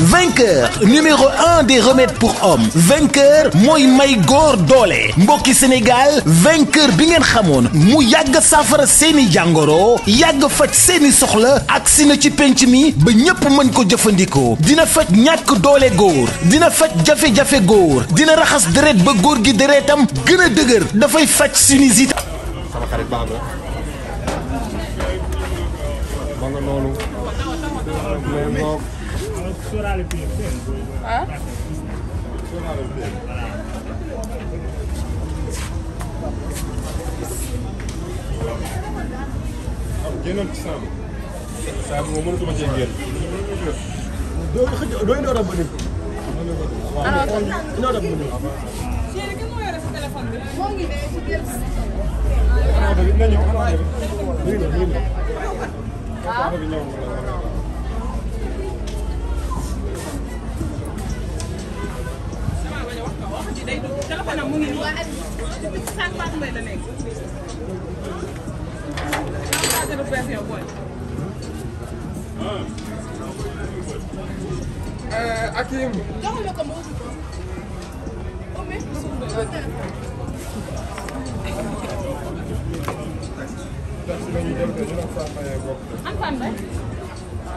vainqueur numéro un des pour hommes vainqueur mooy may góor doole mbokki Sénégal vainqueur bi ngeen xamoon mu yàgg saafara seeni jàngoro yàgg faj seeni soxla ak si na ci penc mi ba ñépp mën ko jëfandikoo dina faj ñàkk doole góor dina faj jafe-jafe góor dina raxas deret ba góor gi deretam gën a dëgër dafay faj sinusite sama sóoraale bi ah. génnoon ci saabu. saabu moom mënatuma cee génn. doo xëj doo indoo rab ba nit. alors que indoo rab ba nit. xanaa bi dina ñëw xanaa ah, bi. day dugg téléphone am mu ngi nii ci sànq Fatou Mbaye la nekk. Akim. Antoine Mbaye.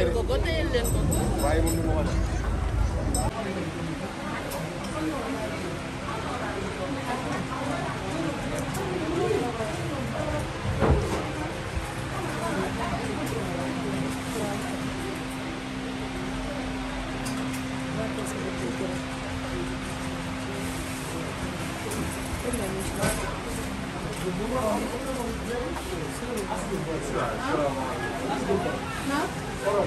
leen ko ko téyel leen ko ko waaye moom ni ma ko def Huh? Karam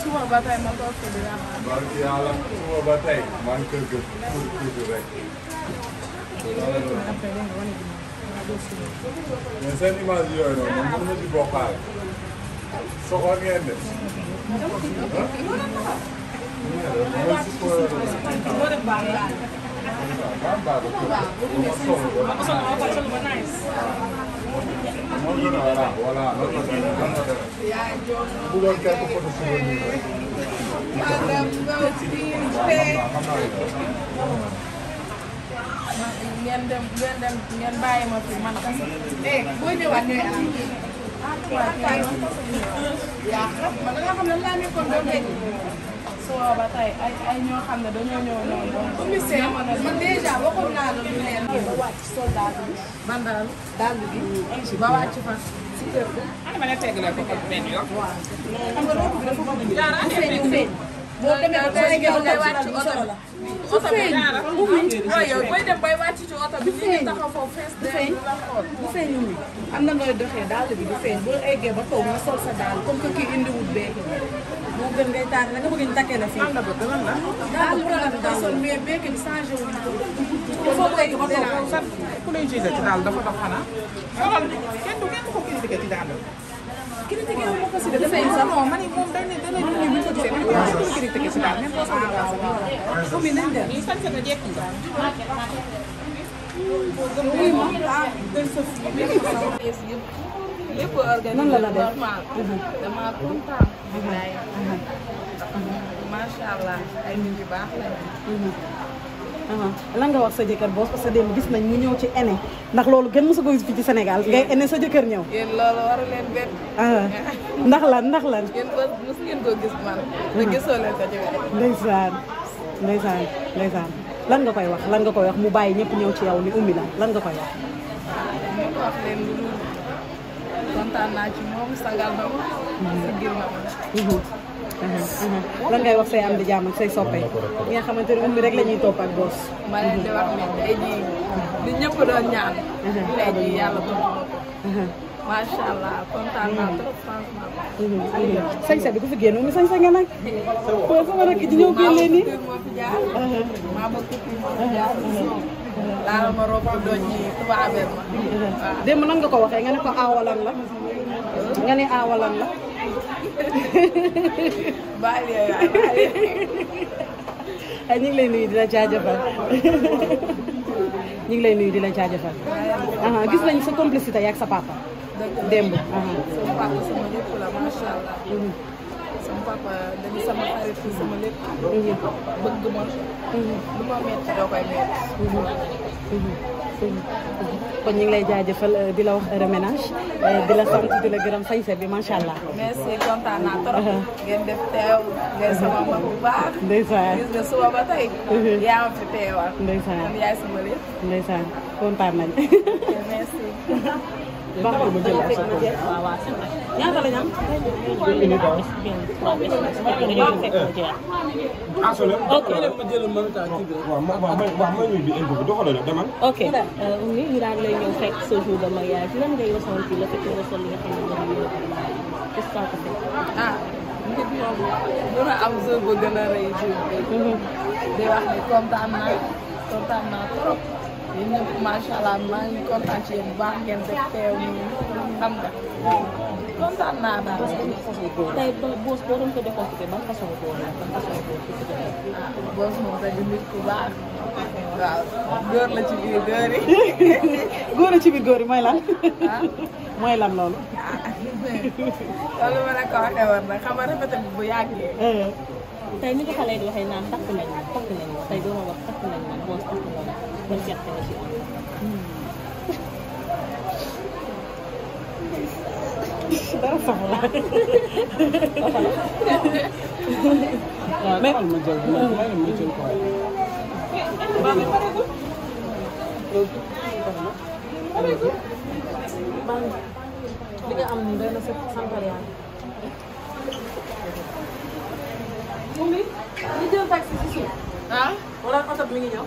suba ba tey ma toog kër ga. barke yàlla suba ba tey maa ngi kër ga pour tuuti rek. mais seen image yooyu noonu man mënu ma ci bokkaale. soxor ngeen de. ngeen dem ngeen dem ngeen bàyyi ma fi man kese. eh boo ñëwaat ñooy am. ah waaw kay. yaa xam man da nga xam ne laa nekkoon doon suba ba tey ay ay ñoo xam ne dañoo ñëw noonu. commissaire man déjà waxoon naa la lu leer. ba wàcc sol daal bi. man daal daal bi. ba wàcc fan. si kër ga. ah ma ne teg la ko kon benn yoon. waaw xam nga loolu dafa bëgg di. daara ak yéen ñu boo demee ba pare yow lay wàcc oto bi. oto bi daara waaw yow booy dem bay wàcc ci oto bi. ñu ngi taxaw foofu fees dee la xool. bu feeñ ñu ngi am na nooy doxee daal bi du feeñ boo eggee ba kaw nga sol sa daal comme que kii indiwul bee. bët ngay taal nga bëgg ñu takkee la fii. lan la bëgg lan la. daal lu la daal sol mais béykat yi changé wu ñu ko. il faut que ñu déranger sax ku lay gisee ci daal dafa dox xanaa. loolu kenn du kenn ko critiqué ci daal. critiqué wu ma ko si de dafay sax non man moom dañ ne dañ ne ñu ko gisee dañ ko critiqué ci daal même pas sama waaw waaw. comme ni nañ def. ñu sant na jekk nga. oui moom ah dañ sa fi. lépp organisé normal mhm. damaa kontaan. Mhm. Mhm. macha allah ay nit baax lañu. lan nga wax sa jëkkër boos parce que démb gis nañ mu ñëw ci ene ndax loolu gën mosu ko gis ci Sénégal ngay ene sa jëkkër ñëw. yéen loolu waru leen bett. Ah. ndax lan ndax lan. ngeen ko gis gisoo leen ko jëlee. ndeysaan ndeysaan lan nga koy wax lan nga koy wax mu bàyyi ñëpp ñëw ci yow ni ummi la lan nga koy wax. kontaan naa ci moom sagal na ma. sigil na ma. lan ngay wax say am di jàmm ak say soppe yi nga xamante ne ummi rek la ñuy topp ak boos. ma leen di wax ne tey jii li ñëpp doon ñaan. tey jii yàlla topp ko. macha allah kontaan naa trop bi ku fi génn ummi sañ sa nga nag. sama rakk ji ñëw génnee nii. maa laalal ma robe démb nan nga ko waxee nga ne ko aawalan la nga ne aawalan la. baale yaay baale. ngi lay nuyu di la jaajëfal ñu ngi lay nuyu di la jaajëfal. gis nañ sa complicité yaak sa papa. démb. sa papa sama lépp la sama papa ñu ngi lay jaajëfal euh, di la wax heureux euh, di la sant di la gërëm sañse bi macha allah. merci kontaan naa trop. Uh-huh. ngeen def teew ngeen sama uh-huh. kontaan nañ baax na ma jël ak sa tool waaw waaw c'est vrai ñaata lañ am. ok waaw ma waaw ma ma ñuy bi info bi doxaloo la demal. ok ñu ñu daal lay ñëw fekk sa jour de mariage lan ngay ressentir la fekk nga sol li nga xam ne moom ah mbir moomu mën a am jour bu gën a rëy jour bi. di wax ni kontaan naa kontaan naa trop. yéen ñëpp macha allah maa ngi kontaan ci yéen bu baax ngeen def teew xam nga kontaan naa daal. parce que tey boos boo doon ko décortiquer ban façon ah, la ci biir góor yi. la ci biir góor yi mooy lan. ah mooy lan loolu. ah loolu ma ne ko waxee woon nag xam nga rafetal bu yàggee. Eh. tey ma takk nañ ma tey doo ma wax ma boos takk benn fierté la ci am. dara sax la. mais ma jël ma jël quoi. li nga am nii doy na santal Yàlla. mu ngi ñu jël taxi ci suuf. ah wala oto bi mi ngi ñëw.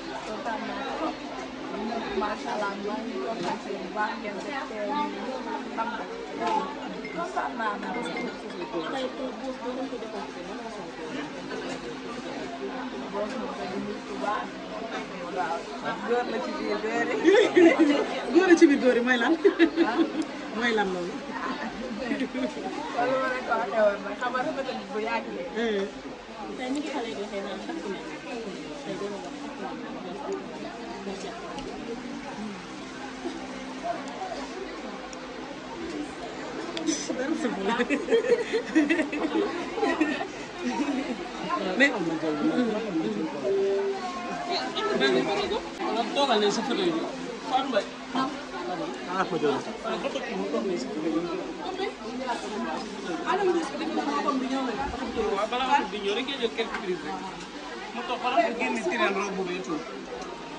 macha allah na boos bi tey nit ku yi góor la ci loolu wala mais toogal nañ sa photo yi Fatou Mbaye ah ko jël waaw balaa di ñëw rek ngeen jël quelques prises rek mu toog xoolal nga génn tireen robe bi tuuti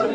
ok.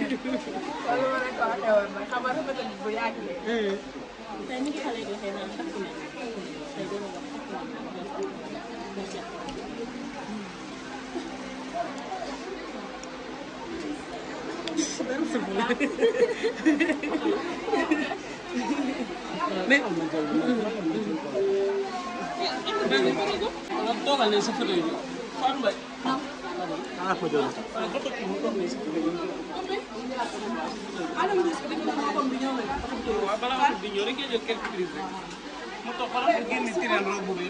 loolu ma ne ko waxee woon nag xam nga rafetal bu yàgg la. tey ni ki xale yi doon tey naan takk nañ tey doon wax takk nañ nga jàpp. mais am na jaww ji. waaw balaa nga di ñëw rek nga jël quelques prises rek mu toog xoolal nga génn tireel robe bu